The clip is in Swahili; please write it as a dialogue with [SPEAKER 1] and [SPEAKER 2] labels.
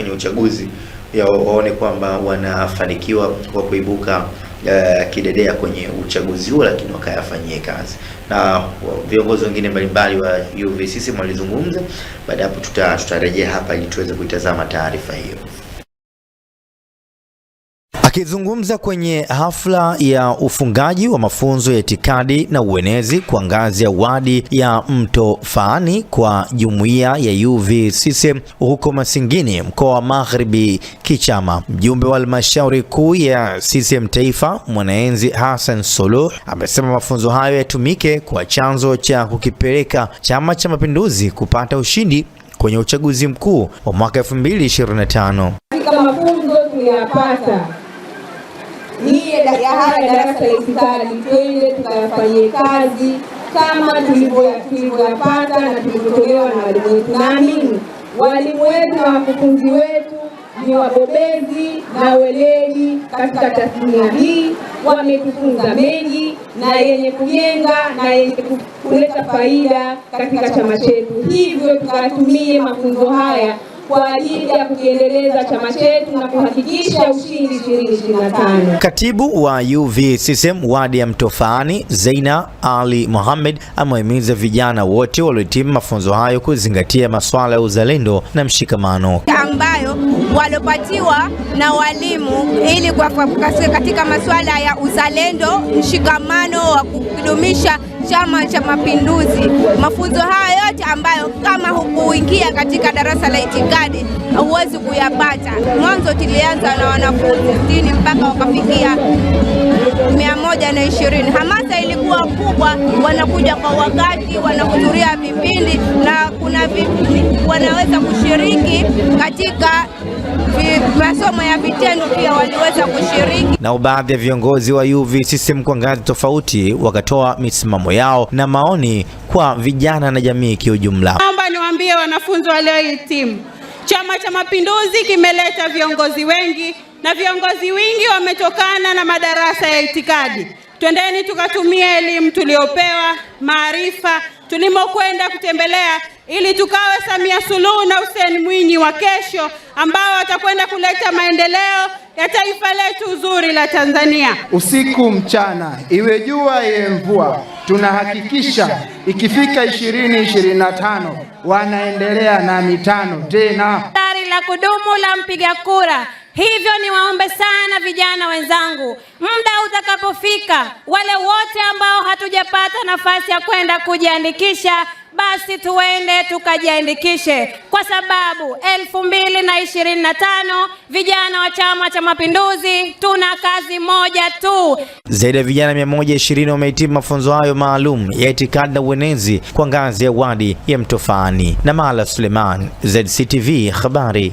[SPEAKER 1] kwenye uchaguzi ya waone kwamba wanafanikiwa kwa kuibuka uh, kidedea kwenye uchaguzi huo, lakini wakayafanyie kazi. Na viongozi wengine mbalimbali wa UVCCM walizungumza. Baada ya hapo, tutarejea tuta hapa ili tuweze kuitazama taarifa hiyo.
[SPEAKER 2] Akizungumza kwenye hafla ya ufungaji wa mafunzo ya itikadi na uenezi kwa ngazi ya wadi ya Mto Faani kwa jumuiya ya UVCCM huko Masingini, mkoa wa Magharibi Kichama, mjumbe wa halmashauri kuu ya CCM Taifa Mwanaenzi Hassan Suluh amesema mafunzo hayo yatumike kwa chanzo cha kukipeleka Chama cha Mapinduzi kupata ushindi kwenye uchaguzi mkuu wa mwaka 2025.
[SPEAKER 3] Katika mafunzo tuliyapata ya haya darasa la itikadi, twende tukayafanyie kazi kama tulivyoyapata na tulivyotolewa na walimu wetu. Naamini walimu wetu na wakufunzi wetu ni wabobezi na weledi katika tasnia hii, wametufunza mengi na yenye kujenga na yenye kuleta faida katika chama chetu, hivyo tukatumie mafunzo haya kwa ajili ya kukiendeleza chama chetu na kuhakikisha ushindi 2025.
[SPEAKER 2] Katibu wa UVCCM wadi ya Mtofani, Zeina Ali Mohamed, amewahimiza vijana wote waliohitimu mafunzo hayo kuzingatia masuala ya uzalendo na mshikamano
[SPEAKER 4] Kamba walopatiwa na walimu ili kuwafokasi katika masuala ya uzalendo, mshikamano wa kudumisha Chama cha Mapinduzi. Mafunzo haya yote ambayo kama hukuingia katika darasa la itikadi huwezi kuyapata. Mwanzo tulianza na wanafunzi sitini mpaka wakafikia mia moja na ishirini. Hamasa ilikuwa kubwa, wanakuja kwa wakati, wanahudhuria vipindi na kuna vipindi wanaweza kushiriki katika masomo ya vitendo, pia waliweza kushiriki.
[SPEAKER 2] Nao baadhi ya viongozi wa UVCCM kwa ngazi tofauti wakatoa misimamo yao na maoni kwa vijana na jamii kiujumla.
[SPEAKER 5] Naomba niwaambie wanafunzi waliohitimu, Chama cha Mapinduzi kimeleta viongozi wengi na viongozi wengi wametokana na madarasa ya itikadi. Twendeni tukatumia elimu tuliyopewa, maarifa tulimokwenda kutembelea ili tukawe Samia Suluhu na Hussein Mwinyi wa kesho ambao watakwenda kuleta maendeleo ya taifa letu zuri la Tanzania.
[SPEAKER 6] Usiku mchana, iwe jua iwe mvua, tunahakikisha ikifika 2025 wanaendelea na mitano tena.
[SPEAKER 7] dari la kudumu la mpiga kura Hivyo niwaombe sana vijana wenzangu, muda utakapofika, wale wote ambao hatujapata nafasi ya kwenda kujiandikisha, basi tuende tukajiandikishe, kwa sababu elfu mbili na ishirini na tano vijana wa Chama cha Mapinduzi tuna kazi moja tu.
[SPEAKER 2] Zaidi ya vijana 120 wamehitimu mafunzo hayo maalum ya itikadi na uenezi kwa ngazi ya wadi ya Mtofani. na Mala Suleman, ZCTV habari.